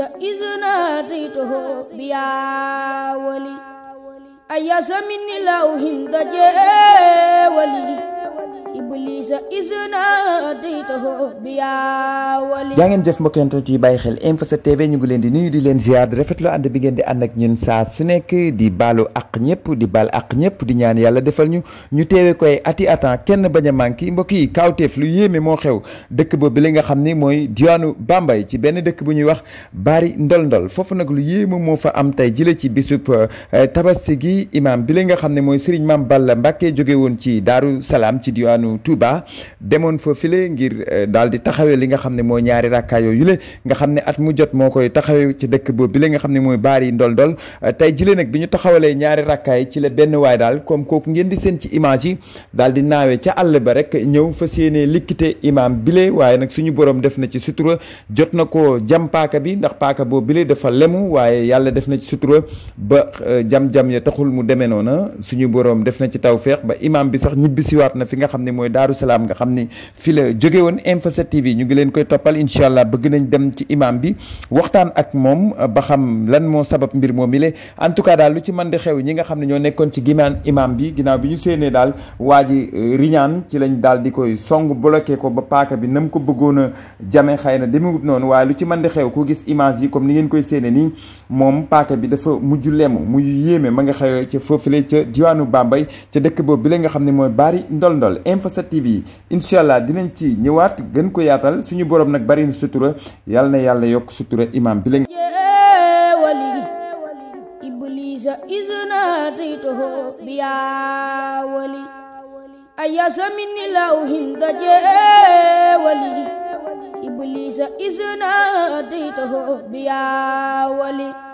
إذ ناديته بيا ولي أيا سمني لو هند جاء ولي jaa ngeen jëf mbokk internet yi bàyyi xel Info 7 TV ñu ngi leen di nuyu di leen ziar di rafetlu ànd bi ngeen di ànd ak ñun saa su nekk di baalu ak ñëpp di baal ak ñëpp di ñaan yàlla defal ñu ñu teewe koy ati atan ah, kenn bañ a manqué mbokk yi kawteef lu yéeme moo xew dëkk boobu li nga xam ni mooy diwaanu Bambay ci benn dëkk bu ñuy wax Bari Ndol Ndol foofu nag lu yéeme moo fa am tey jële ci bisub ah, tabaski gi imaam bi li nga xam ne mooy sëriñ Mame Balla Mbacké jóge woon ci Daaru Salaam ci diwaanu Touba demoon fa file ngir eh, daal di li nga xam ne mooy ñaari rakkaa yooyu le nga xam ne at mu jot moo koy taxawee ci dëkk boobu bi la nga xam ne mooy baar yi ndol ndol eh, tey jile nag bi ñu taxawalee ñaari rakkaa yi ci la benn waay daal comme kooku ngeen di seen ci daal di naawee ca àll ba rek ñëw fas yéenee likkite imaam bile waaye nag suñu boroom def na ci sutura jot na ko jam paaka bi ndax paaka boobu bile dafa lemu waaye yàlla def na ci sutura ba eh, jam-jam ya taxul mu demee noona suñu borom def na ci tawfeex mooy Daaru Salaam nga xam ni fi la jóge woon Info 7 TV ñu ngi leen koy toppal incha bëgg nañ dem ci imam bi waxtaan ak moom ba xam lan moo sabab mbir moom mi le en tout cas daal lu ci mën di xew ñi nga xam ne ñoo nekkoon ci gimaan imam bi ginnaaw bi ñu séenee daal waa ji euh, riñaan ci lañ daal di koy song bloqué ko ba paaka bi nam ko bëggoon a jame xëy na demewut noonu waaye lu ci man di xew ku gis image yi comme ni ngeen koy séenee nii moom paaka bi dafa mujj lemu mu yéeme ma nga xew ca foofule ca diwaanu Bambey ca dëkk boobu bi la nga xam ne mooy Bari Ndol Ndol 7 TV incha allah dinañ ci ñëwaat gën ko yaatal suñu borom nag bari na sutura yàlla na yàlla yokk sutura imam bi la wali iblisa isnataytuhu biya wali wali